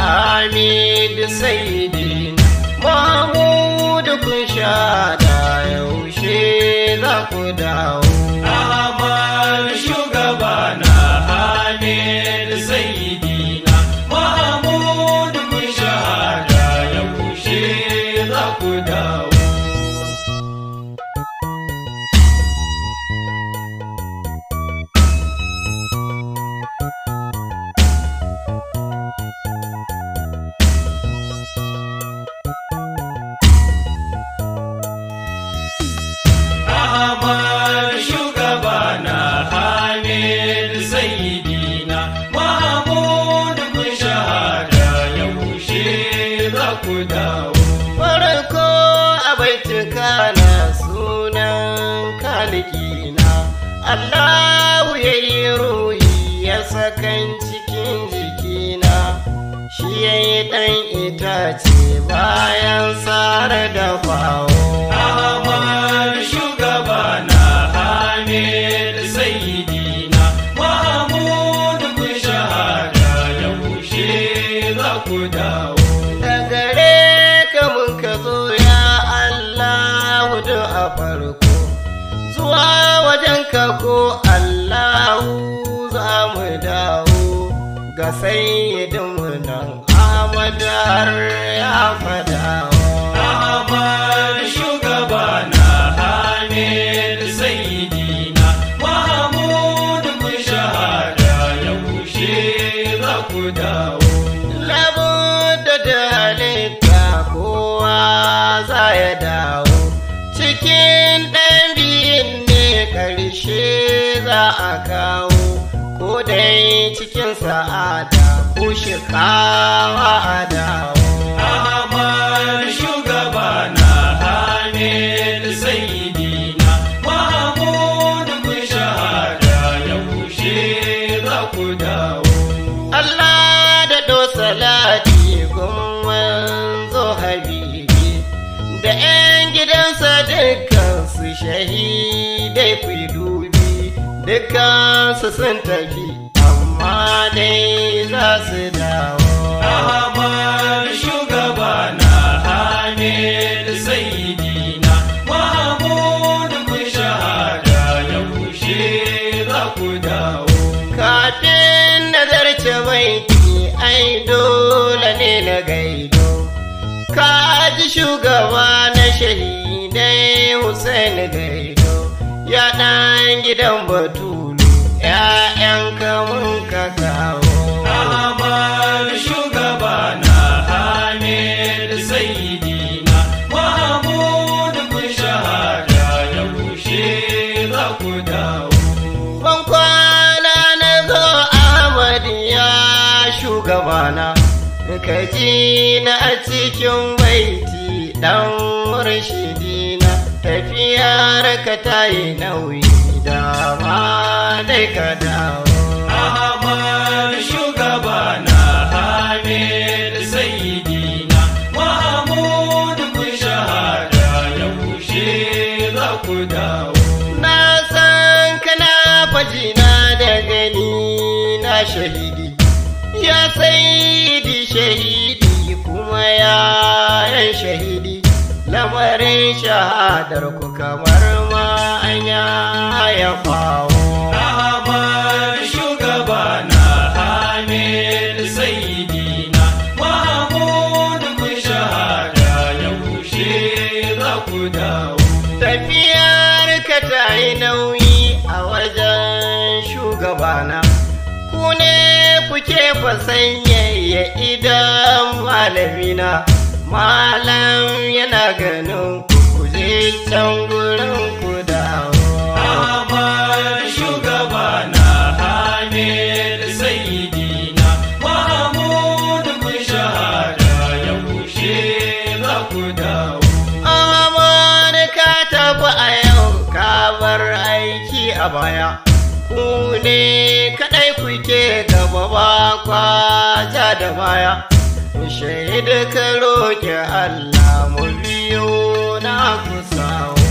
hamid saidin mahmud kun sha da yaushe za ku dawo gana sunan kalikina Allahu ya yi ruhi ya sakan cikin jikina Shi ya yi ɗan itace bayan tsara da fawo Ahmad shugabana yi Sayyidina farko zuwa wajen ka ko Allahu za mu dawo ga sayyidinmu nan Ahmadar ya fadawa. Ahmad shugaba na Hamid sayyidina Mahamud ku shahada ya kushe za ku dawo. kawo ko dai cikin sa'ada ko shi kawa a dawo. Ahamar shugaba na Hamid Sayyidina Mahmud kun shahada ya kushe za ku dawo. Allah da dosa lati gumman zo habibi da 'yan gidan dukkan su shahidai duka su sun tafi amma dai za su dawo ahabar shugaba na hamid na mahamudu ku shahada ya kushe za ku dawo kafin nazarce baiti ai dole ne na gaido ka ji shugaba na shahidai hussain gaido ya ɗan gidan batulu ‘ya'yan kamun ka kawo. Ahamar shugabana Hamid Sayidina, Mahmud kun shahada ya kushe za ku dawo. kwana na zo Ahmadiyya shugabana ka ji na a cikin baiti ɗan murshidina. ka yi nauyi dama ma dai ka dawo. Ahmad shugaba na Hamid Sayyidina Mahmud ku ya kushe za ku dawo. Na san kana fajina da gani na shahidi. Ya sayidi shahidi kuma ya yan shahidi lamarin shahadar ku kamar hanya ya kawo. shugabana shugaba na Hamid Sayyidina Mahmud ku shahada ya kushe za ku dawo. Tafiyar ka ta nauyi a wajen shugabana. Ku ne kuke fasanyayya idan malamina. Malam yana ganin ku je can a baya ku ne kaɗai kuke gaba ba kwaja da baya shaidu ka roƙi Allah mu biyo na kusawa